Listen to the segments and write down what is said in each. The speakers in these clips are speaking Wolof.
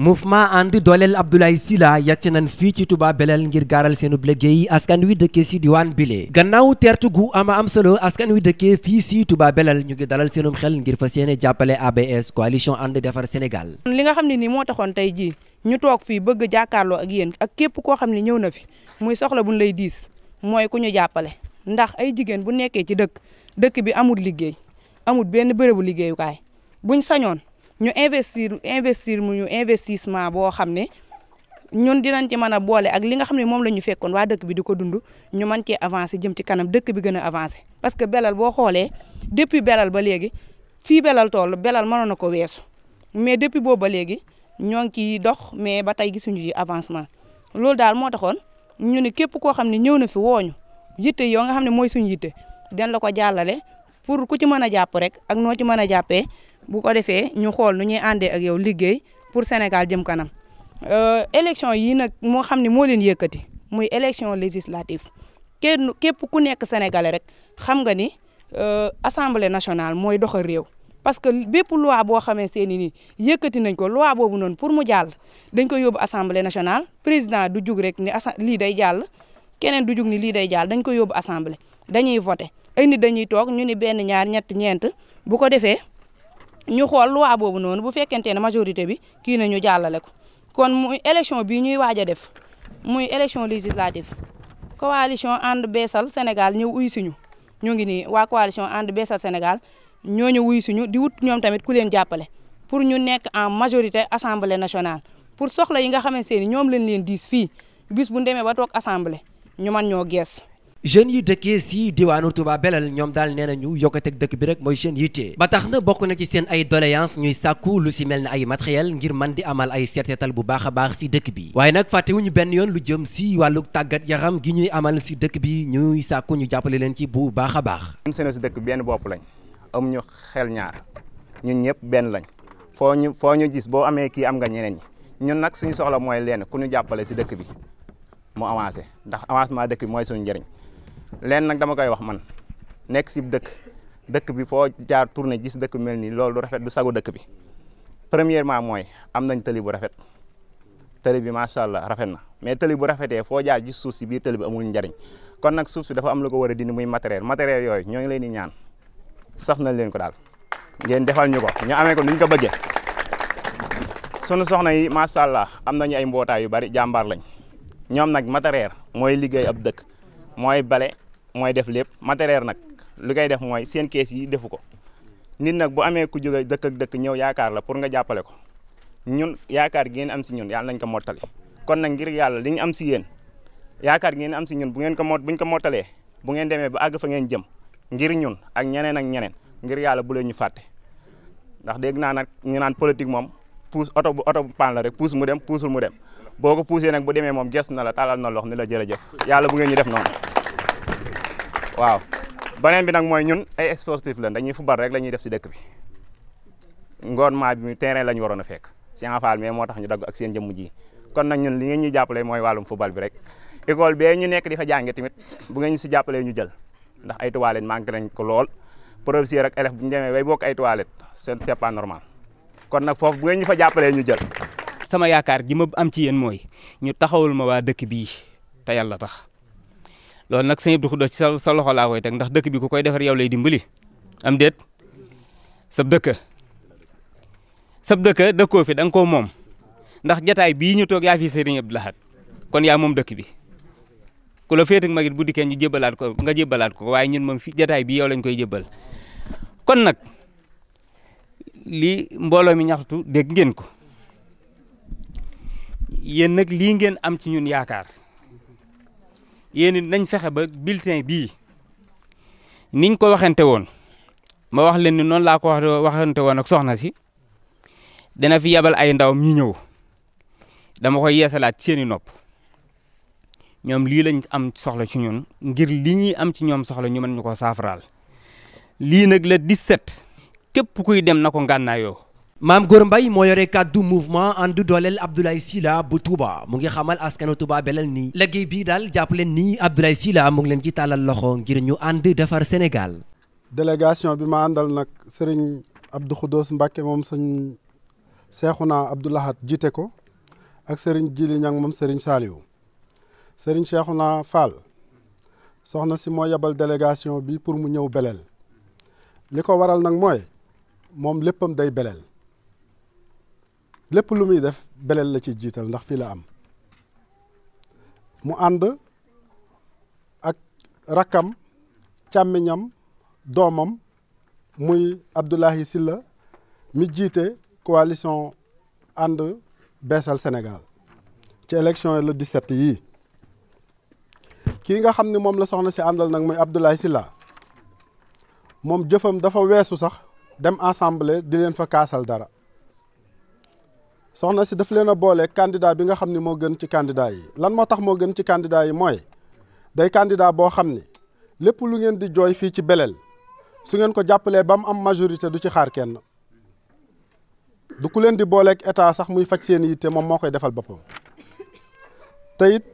mouvement ànd dooleel Abdoulaye Sylla yegsi nañ fii ci Touba Belel ngir gaaral seenub liggéey askan wi dëkkee si diwaan bile gannaaw teertu gu ama am solo askan wi dëkkee fii si Touba Belel ñu ngi dalal seenum xel ngir fa seene jàppale ABS coalition and defar Sénégal li nga xam ne nii moo taxoon tey jii ñu toog fii bëgg jàkkaarloo ak yen ak képp koo xam ni ñëw na fi muy soxla buñ lay diis mooy ku ñu jàppale ndax ay jigéen bu nekkee ci dëkk dëkk bi amul liggéey amul benn bërëbu liggéeyukaay buñ sañoon ñu investir investir mu ñu investissement boo xam ne ñun dinañ ci mën a boole ak li nga xam ne moom la ñu fekkoon waa dëkk bi di ko dund ñu mën cee avancer jëm ci kanam dëkk bi gën a avancer. parce que Belal boo xoolee depuis Belal ba léegi fii Belal toll Belal mënoon na ko weesu mais depuis boobu ba léegi ñoo ngi ciy dox mais ba tey gisuñu ci avancement loolu daal moo taxoon ñu ne képp koo xam ne ñëw na fi wooñu yitte yoo nga xam ne mooy suñ yitte den la ko jàllale pour ku ci mën a jàpp rek ak noo ci mën a jàppee. bu defee ñu xool nu ñuy àndee ak yow liggéey pour Sénégal jëm kanam euh, élection yii nag moo xam ne moo leen yëkkati muy élection législative kenn képp ku nekk sénégalais rek xam nga ni euh, assemblée national mooy dox réew. parce que bépp loi boo xamee seeni nii yëkkati nañ ko loi boobu noonu pour mu jàll dañ ko yóbbu assemblée national président du jug rek ni assa lii day jàll keneen du jug ni lii day jaal dañ ko yóbbu assemblée dañuy voté ay nit dañuy toog ñu ni benn ñaar ñett ñeent bu ko defee. ñu xool loi boobu noonu bu fekkente ne majorité bi kii na ñu jàllale ko kon muy élection bii ñuy waaj a def muy élection législative kowalition ànd beesal Sénégal ñëw uy suñu ñu ngi nii waa coalition ànd beesal Sénégal ñoo ñu wuy suñu di wut ñoom tamit ku leen jàppale pour ñu nekk en majorité assemblée national pour soxla yi nga xamante ni ñoom leen leen diis fii bis bu ndemee ba toog assemblée ñu man ñoo gees jeunes yi dëkkee sii diwaanu Touba Belel ñoom daal nee nañu yokkateeg dëkk bi rek mooy seen yitte ba tax na bokk na ci seen ay doléance ñuy sàkku lu si mel ne ay matériel ngir man di amal ay seetetal bu baax a baax si dëkk bi waaye nag fàttewuñu benn yoon lu jëm si wàllu tàggat yaram gi ñuy amal si dëkk bi ñuy sàkku ñu jàppale leen ci bu baax a baax ñun seen si dëkk benn bopp lañ am ñu xel ñaar ñun ñëpp benn lañ foo ñu foo ñu gis boo amee kii am nga ñeneen ñun nag suñu soxla mooy leen ku ñu jàppale si dëkk bi mu avancé ndax avancement dëkk bi mooy suñu njëriñ leen nag dama koy wax man nekk si dëkk dëkk bi foo jaar tourné gis dëkk bi mel nii loolu du rafet du sagu dëkk bi premièrement mooy am nañ tëli bu rafet tëli bi macha allah rafet na mais tëli bu rafetee foo jaar gis suuf si biir tëli bi amul njariñ kon nag suuf si dafa am lu ko war a dindi muy matériel matériel yooyu ñoo ngi leen di ñaan saf nañ leen ko daal ngeen defal ñu ko ñu amee ko nuñ ko bëggee sunu soxna yi macha allah am nañu ay mbootaay yu bari jàmbaar lañ. ñoom nag matériel mooy liggéey ab dëkk mooy bale mooy def lépp matériel nag lu koy def mooy seen kees yi defu ko nit nag bu amee ku jóge dëkk ak dëkk ñëw yaakaar la pour nga jàppale ko ñun yaakaar gi ngeen am si ñun yàlla nañ ko mottali kon nag ngir yàlla li ñu am si yéen yaakaar ngeen am si ñun bu ngeen ko mot buñ ko mottalee bu ngeen demee ba àgg fa ngeen jëm ngir ñun ak ñeneen ak ñeneen ngir yàlla bu leen ñu fàtte ndax dégg naa nag ñu naan politique moom puus oto bu oto bu paan la mu dem puusul mu dem boo ko poussé nag bu demee moom gestu na la taalal na lox ni la jërëjëf bu ngeen ñu def noonu waaw beneen bi nag mooy ñun ay sportif lañ dañuy football rek la ñuy def si dëkk bi ngoon maa bi terrain la ñu waroon a fekk si faal mais moo tax ñu dagg ak seen jëmm ji kon nag ñun li ngeen ñuy jàppale mooy wàllum football bi rek école bee ñu nekk di fa jànge tamit bu ngeen ñu si jàppalee ñu jël ndax ay toilettes manqué nañ ko lool professeur ak élève bu ñu demee bay bokk ay toilettes c'est pas normal kon nag foofu ñu fa jàppalee ñu jël sama yaakaar ji ma am ci yéen mooy ñu taxawul ma waa dëkk bii te yàlla tax loolu nag sëñ Abdou Khoudoss ci sa loxo laa koy teg ndax dëkk bi ko koy defar yow lay dimbali am déet sab dëkk sab dëkk dëkkoo fi da ko moom ndax jataay bii ñu toog yaa fi sëriñ Abdou kon yaa moom dëkk bi ku la féete magit bu dikkee ñu jébalaat ko nga jébalaat ko waaye ñun moom fi jataay bi yow lañ koy jébal kon nag lii mbooloo mi ñaxtu dégg ngeen ko yéen nag lii ngeen am ci ñun yaakaar yéen it nañ fexe ba bulletin bii niñ ko waxante woon ma wax leen ni noonu laa ko waxante woon ak soxna si dana fi yabal ay ndawam ñu ñëw dama koy yeesalaat seeni nopp ñoom lii lañ am soxla ci ñun ngir li ñuy am ci ñoom soxla ñu ñu ko saafaraal lii nag la 17 képp kuy dem na ko ngànnaayoo maam Góor Mbay moo yore kàddu mouvement ànd dooleel Abdoulaye Sylla bu Touba mu ngi xamal askanu Touba belal nii liggéey bi daal jàpp leen nii Abdoulaye Sylla mu ngi leen ci tàllal loxo ngir ñu ànd defar Sénégal délégation bi ma àndal nag sëriñ Abdou Khoudous Mbacke moom sëñ Seexuna Abdou Lahad jiite ko ak sëriñ Jili Ñang moom sëriñ Saaliwu sëriñ Seexuna Fall soxna si moo yebal délégation bi pour mu ñëw belel li ko waral nag mooy moom léppam day belel lépp lu muy def beleel la ci jiital ndax fii la am mu ànd ak rakkam càmmiñam doomam muy Abdoulaye Sylla mi jiite coalition ànd beesal Sénégal ci élection le 17 yii kii nga xam ne moom la soxna si àndal nag muy Abdoulaye Sylla moom jëfam dafa weesu sax dem assemblée di leen fa kaasal dara soxna si daf leen a boole candidat bi nga xam ni moo gën ci candidat yi lan moo tax moo gën ci candidat yi mooy day candidat boo xam ni lépp lu ngeen di jooy fii ci beleel su ngeen ko jàppalee ba mu am majorité du ci xaar kenn du ku leen di booleek état sax muy faj seen yitte moom moo koy defal boppam te it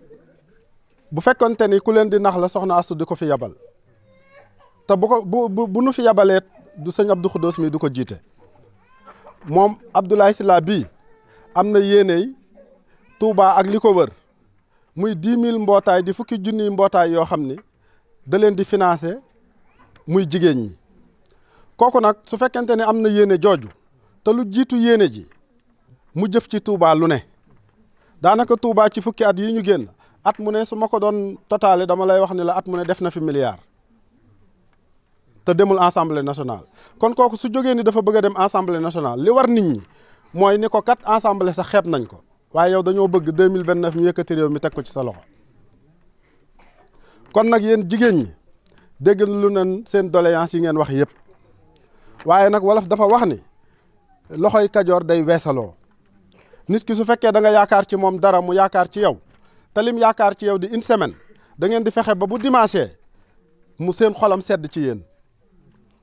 bu fekkonte ni ku leen di nax la soxna Astu di ko fi yabal te bu ko bu bu nu fi yabaleet du sëñ Abdou Khoudous mi du ko jiite moom Abdoulaye Sylla bii am na yéeney Touba ak li ko wër muy dix mille mbootaay di fukki junni mbootaay yoo xam ni da leen di financé muy jigéen ñi kooku nag su fekkente ne am na yéene jooju te lu jiitu yéene ji mu jëf ci Touba lu ne daanaka Touba ci fukki at yi ñu génn at mu ne su ma ko doon totaale dama lay wax ni la at mu ne def na fi milliard te demul assemblée nationale kon kooku su jógee ni dafa bëgg a dem assemblée nationale li war nit ñi mooy ni ko kat ensemble sax xeeb nañ ko waaye yow dañoo bëgg deux mille vingt neuf ñu yëkkati réew mi teg ko ci sa loxo kon nag yéen jigéen ñi dégg lu nañ seen doléance yi ngeen wax yëpp waaye nag wolof dafa wax ni loxoy kajoor day weesaloo nit ki su fekkee da nga yaakaar ci moom dara mu yaakaar ci yow te lim yaakaar ci yow di une semaine da ngeen di fexe ba bu dimanche mu seen xolam sedd ci yéen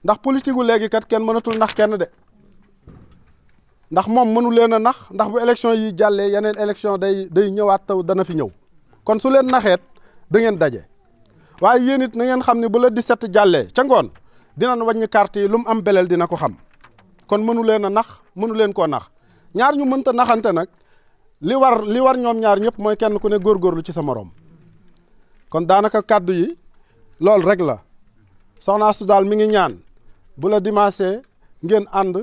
ndax politique gu léegi kat kenn mënatul ndax kenn de. ndax moom mënu leen a nax ndax bu élection yi jàllee yeneen élection day day ñëwaat taw dana fi ñëw kon su leen naxeet da ngeen daje waaye yéen it na ngeen xam ne bu la di 17 jàllee ca ngoon dinañ wàññi carte yi lu mu am beleel dina ko xam kon mënu leen a nax mënu leen koo nax ñaar ñu mënta naxante nag li war li war ñoom ñaar ñëpp mooy kenn ku ne góorgóorlu ci sa morom kon daanaka kàddu yi loolu rek la soxna Astou daal mi ngi ñaan bu la dimanche ngeen ànd.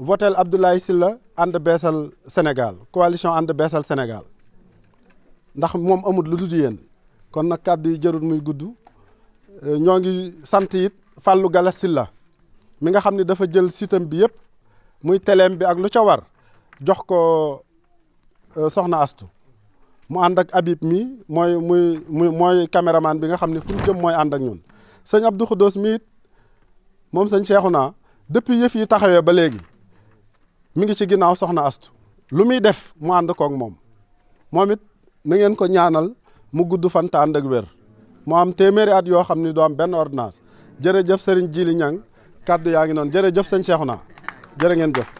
votel Abdoulaye Sylla ànd beesal Sénégal coalition ànd beesal Sénégal ndax moom amut lu dul yéen kon nag kàddu yi jërul muy gudd euh, ñoo ngi sant it fàllu Galass Sylla mi nga xam ni dafa jël sitam bi yëpp muy teleem bi ak lu ca war jox ko euh, soxna Astu mu ànd ak Habib mi mooy muy muy mooy caméraman bi nga xam ne fu jëm mooy ànd ak ñun sëñ Abdou Khoudous mi it moom sëñ naa depuis yëf yi taxawee ba léegi mi ngi ci ginnaaw soxna astu lu muy def mu ànd koog moom moom it na ngeen ko ñaanal mu gudd fan te ànd ak wér mu am téeméeri at yoo xam ni doom am benn ordonnance jërëjëf sëriñ Jili Ñang kàddu yaa ngi noonu jërëjëf sëñ Cheikhouna jërë ngeen jëf